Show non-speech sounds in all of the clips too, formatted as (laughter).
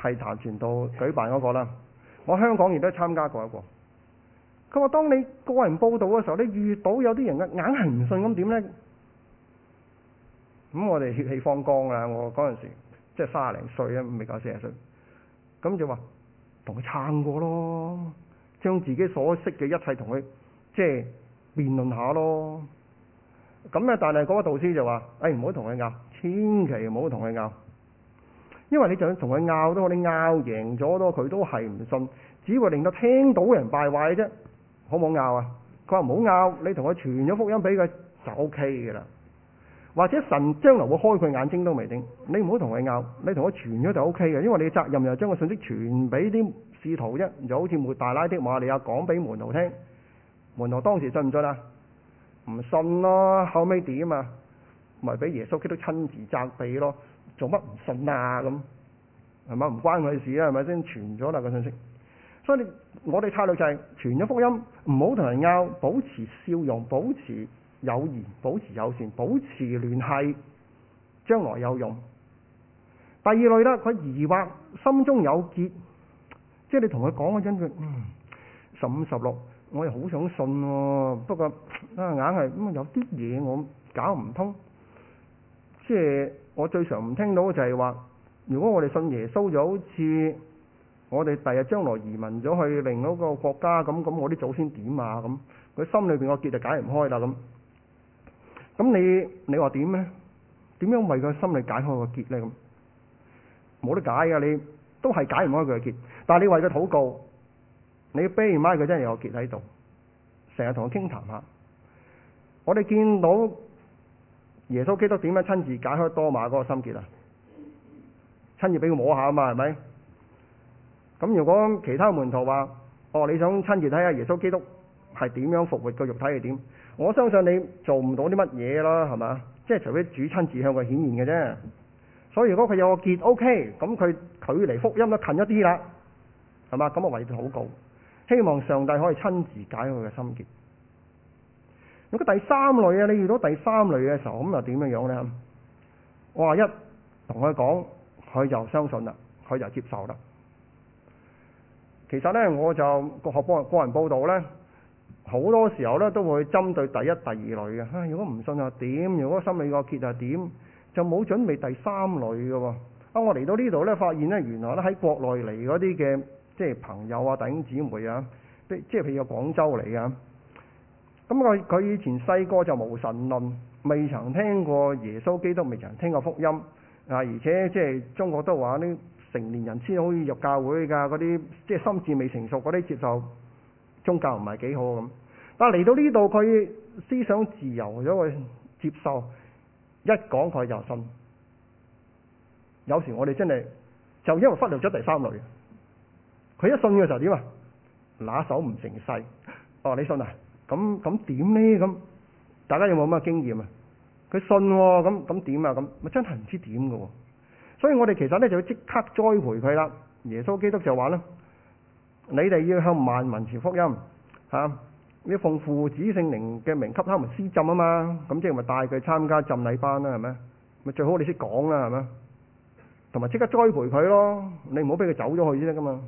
係譚傳道舉辦嗰、那個啦，我香港亦都參加過一個。佢話：當你個人報道嘅時候，你遇到有啲人嘅硬係唔信咁點呢？咁我哋血氣方剛啊！我嗰陣時即係三十零歲啊，未夠四十歲。咁就話同佢撐過咯，將自己所識嘅一切同佢即係辯論下咯。咁咧，但係嗰個導師就話：唉、欸，唔好同佢拗，千祈唔好同佢拗。因為你就算同佢拗都好，你拗贏咗都，佢都係唔信，只會令到聽到嘅人敗壞啫。好唔好拗啊？佢話唔好拗，你同佢傳咗福音俾佢就 O K 嘅啦。或者神將來會開佢眼睛都未定。你唔好同佢拗，你同佢傳咗就 O K 嘅，因為你嘅責任又將個信息傳俾啲使徒啫。就好似抹大拉的馬利亞講俾門徒聽，門徒當時信唔信啊？唔信咯，後尾點啊？咪俾耶穌基督親自責備咯。做乜唔信啊？咁係咪唔關佢事啊？係咪先傳咗啦個信息。所以你我哋策略就係傳咗福音，唔好同人拗，保持笑容，保持友誼，保持友善，保持聯繫，將來有用。第二類啦，佢疑惑，心中有結，即係你同佢講嗰陣，嗯，十五十六，我又好想信喎，啊，不過啊硬係咁有啲嘢我搞唔通。即係我最常唔聽到嘅就係話，如果我哋信耶穌就好似我哋第日將來移民咗去另一個國家咁，咁我啲祖先點啊咁？佢心裏邊個結就解唔開啦咁。咁你你話點呢？點樣為佢心裏解開個結呢？咁冇得解噶，你都係解唔開佢嘅結。但係你為佢禱告，你悲唔埋佢真係有個結喺度，成日同佢傾談下。我哋見到。耶穌基督點樣親自解開多馬嗰個心結啊？親自俾佢摸下啊嘛，係咪？咁如果其他門徒話，哦，你想親自睇下，耶穌基督係點樣復活，個肉體係點？我相信你做唔到啲乜嘢啦，係嘛？即係除非主親自向佢顯現嘅啫。所以如果佢有個結，O.K.，咁佢距離福音都近一啲啦，係嘛？咁啊為禱告，希望上帝可以親自解佢嘅心結。如果第三類啊，你遇到第三類嘅時候，咁又點樣樣呢？我話一同佢講，佢就相信啦，佢就接受啦。其實呢，我就個學幫個人，人報道呢，好多時候呢都會針對第一、第二類嘅，啊。如果唔信又點？如果心理個結又點？就冇準備第三類嘅喎，啊。我嚟到呢度呢，發現呢原來咧喺國內嚟嗰啲嘅，即係朋友啊、弟兄姊妹啊，即係譬如有廣州嚟嘅。咁佢佢以前細個就無神論，未曾聽過耶穌基督，未曾聽過福音，啊！而且即係中國都話啲成年人先可以入教會噶，嗰啲即係心智未成熟嗰啲接受宗教唔係幾好咁。但係嚟到呢度，佢思想自由咗，佢接受一講佢就信。有時我哋真係就因為忽略咗第三類，佢一信嘅時候點啊？拿手唔成勢，哦，你信啊？咁咁點呢？咁大家有冇乜經驗啊？佢信喎、哦，咁咁點啊？咁咪真係唔知點嘅喎。所以我哋其實呢，就要即刻栽培佢啦。耶穌基督就話啦，你哋要向萬民傳福音嚇，你奉父子聖靈嘅名給他們施浸啊嘛。咁即係咪帶佢參加浸禮班啦？係咪？咪最好你識講啦，係咪？同埋即刻栽培佢咯。你唔好俾佢走咗去先得噶嘛。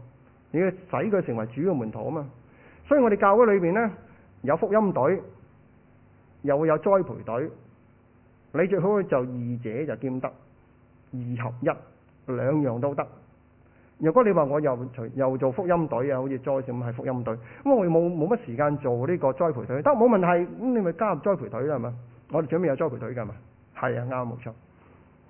你要使佢成為主嘅門徒啊嘛。所以我哋教會裏邊呢。有福音隊，又會有栽培隊。你最好就二者就兼得，二合一，兩樣都得。如果你話我又除又做福音隊啊，好似栽培係福音隊，咁我哋冇冇乜時間做呢個栽培隊。得冇問題。咁你咪加入栽培隊啦，係嘛？我哋準備有栽培隊㗎嘛？係啊，啱冇錯。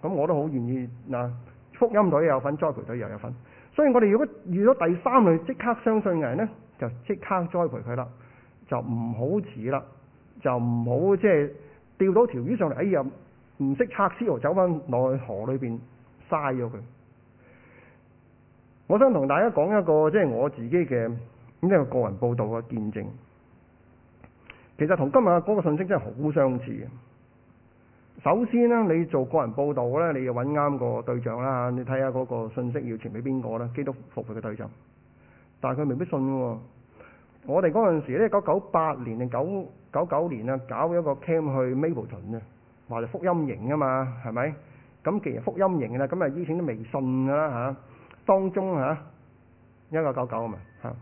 咁我都好願意嗱、啊，福音隊有份，栽培隊又有份。所以我哋如果遇到第三類即刻相信嘅人呢，就即刻栽培佢啦。就唔好遲啦，就唔好即係釣到條魚上嚟，哎呀，唔識拆絲喎，走翻落去河裏邊嘥咗佢。我想同大家講一個即係、就是、我自己嘅咁一個個人報道嘅見證。其實同今日嗰個信息真係好相似。首先呢，你做個人報道呢，你要揾啱個對象啦。你睇下嗰個信息要傳俾邊個咧？基督復活嘅對象，但係佢未必信喎。.我哋嗰陣時咧，一九九八年定九九九年啊，搞咗一個 camp 去 Mapleton 啊，話就福音營啊嘛，係咪？咁其實福音營啦，咁啊以前都未信噶啦嚇，當中嚇一九九九啊嘛嚇，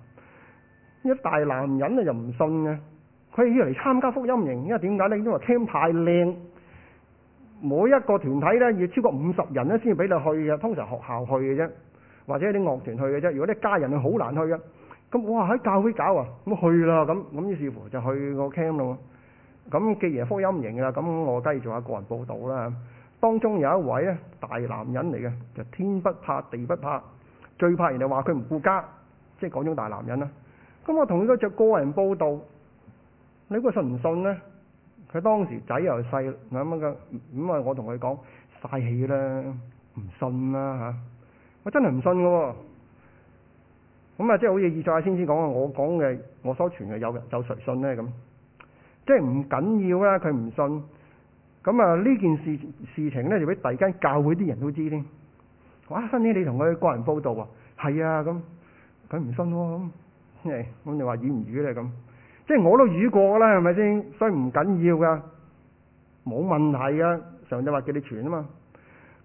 一大男人啊又唔信嘅，佢以為嚟參加福音營，因為點解咧？因為 camp 太靚，每一個團體咧要超過五十人咧先俾你去嘅，通常學校去嘅啫，或者啲樂團去嘅啫，如果啲家人去好難去嘅。咁我話喺教會搞啊，咁去啦，咁咁於是乎就去個 camp 啦喎。咁既然福音營㗎啦，咁我梗係做下個人報導啦。當中有一位咧大男人嚟嘅，就天不怕地不怕，最怕人哋話佢唔顧家，即係講種大男人啦。咁我同佢一隻個人報導，你估佢信唔信呢？佢當時仔又細，咁下咁咁啊，我同佢講嘥氣啦，唔信啦嚇，我真係唔信嘅喎。咁啊、嗯，即係好似以賽亞先知先講啊，我講嘅，我所傳嘅有人就誰信呢？咁，即係唔緊要啦，佢唔信。咁啊，呢件事事情呢，就俾第二間教會啲人都知添。哇，新姐，你同佢個人報道啊，係啊，咁佢唔信喎、啊、咁、 (laughs) 嗯，你話語唔語呢？咁？即係我都語過啦，係咪先？所以唔緊要噶，冇問題噶。上帝話叫你傳啊嘛。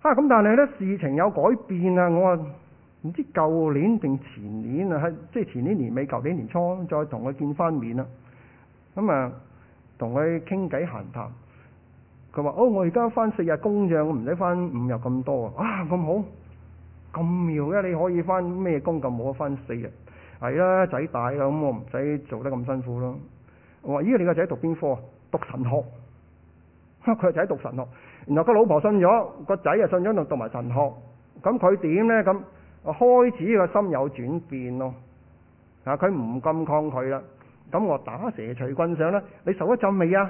嚇、啊、咁，但係呢，事情有改變啊，我啊～唔知舊年定前年啊，即係前年年尾、舊年年初，再同佢見翻面啦。咁啊，同佢傾偈閒談。佢話：哦，我而家翻四日工啫，唔使翻五日咁多啊。啊，咁好，咁妙嘅，你可以翻咩工咁冇得翻四日？係啦，仔大啦，咁我唔使做得咁辛苦咯。我話：咦，你個仔讀邊科啊？讀神學。佢個仔讀神學。然後個老婆信咗，個仔又信咗，就讀埋神學。咁佢點呢？咁。我開始個心有轉變咯，啊，佢唔咁抗拒啦。咁、啊、我打蛇隨棍上咧，你受一浸未啊？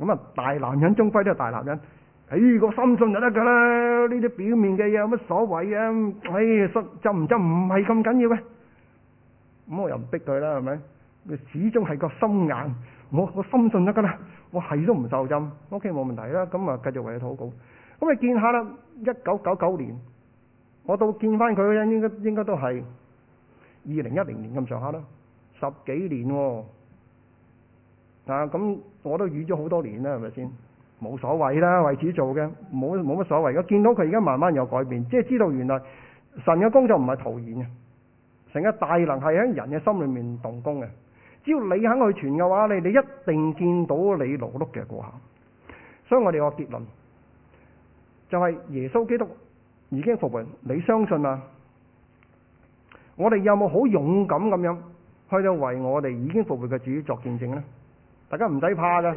咁啊，大男人終歸都係大男人。唉、哎，我心信就得㗎啦。呢啲表面嘅嘢有乜所謂、哎、啊？誒，浸唔浸唔係咁緊要嘅。咁我又唔逼佢啦，係咪？始終係個心眼，我我心信得㗎啦。我係都唔受浸，OK 冇問題啦。咁啊，繼續為你禱告。咁你見下啦，一九九九年。我到見翻佢嗰陣，應該應該都係二零一零年咁上下啦，十幾年啊！咁、啊、我都遠咗好多年啦，係咪先？冇所謂啦，為此做嘅，冇冇乜所謂。我見到佢而家慢慢有改變，即係知道原來神嘅工作唔係徒然嘅，成個大能係喺人嘅心裏面動工嘅。只要你肯去傳嘅話，你你一定見到你勞碌嘅果效。所以我哋個結論就係、是、耶穌基督，已經復活，你相信嗎？我哋有冇好勇敢咁樣去到為我哋已經復活嘅主作見證呢？大家唔使怕噶。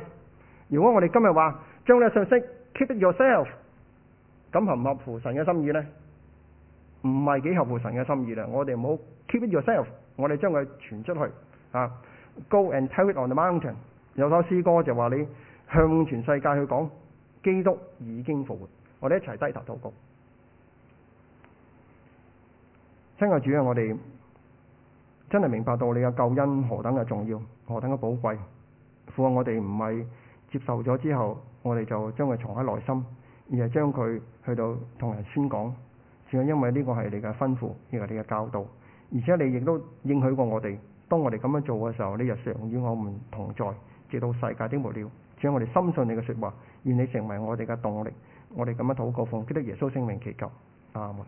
如果我哋今日話將呢個信息 keep it yourself，咁合唔合乎神嘅心意呢？唔係幾合乎神嘅心意啦。我哋唔好 keep it yourself，我哋將佢傳出去啊。Uh, Go and tell it on the mountain。有首詩歌就話你向全世界去講基督已經復活，我哋一齊低頭禱告。親愛主啊，我哋真係明白到你嘅救恩何等嘅重要，何等嘅寶貴。父啊，我哋唔係接受咗之後，我哋就將佢藏喺內心，而係將佢去到同人宣講。只因因為呢個係你嘅吩咐，亦係你嘅教導。而且你亦都應許過我哋，當我哋咁樣做嘅時候，你日常與我們同在，直到世界的末了。只因我哋深信你嘅說話，願你成為我哋嘅動力。我哋咁樣禱告奉基督耶穌聖名祈求，阿門。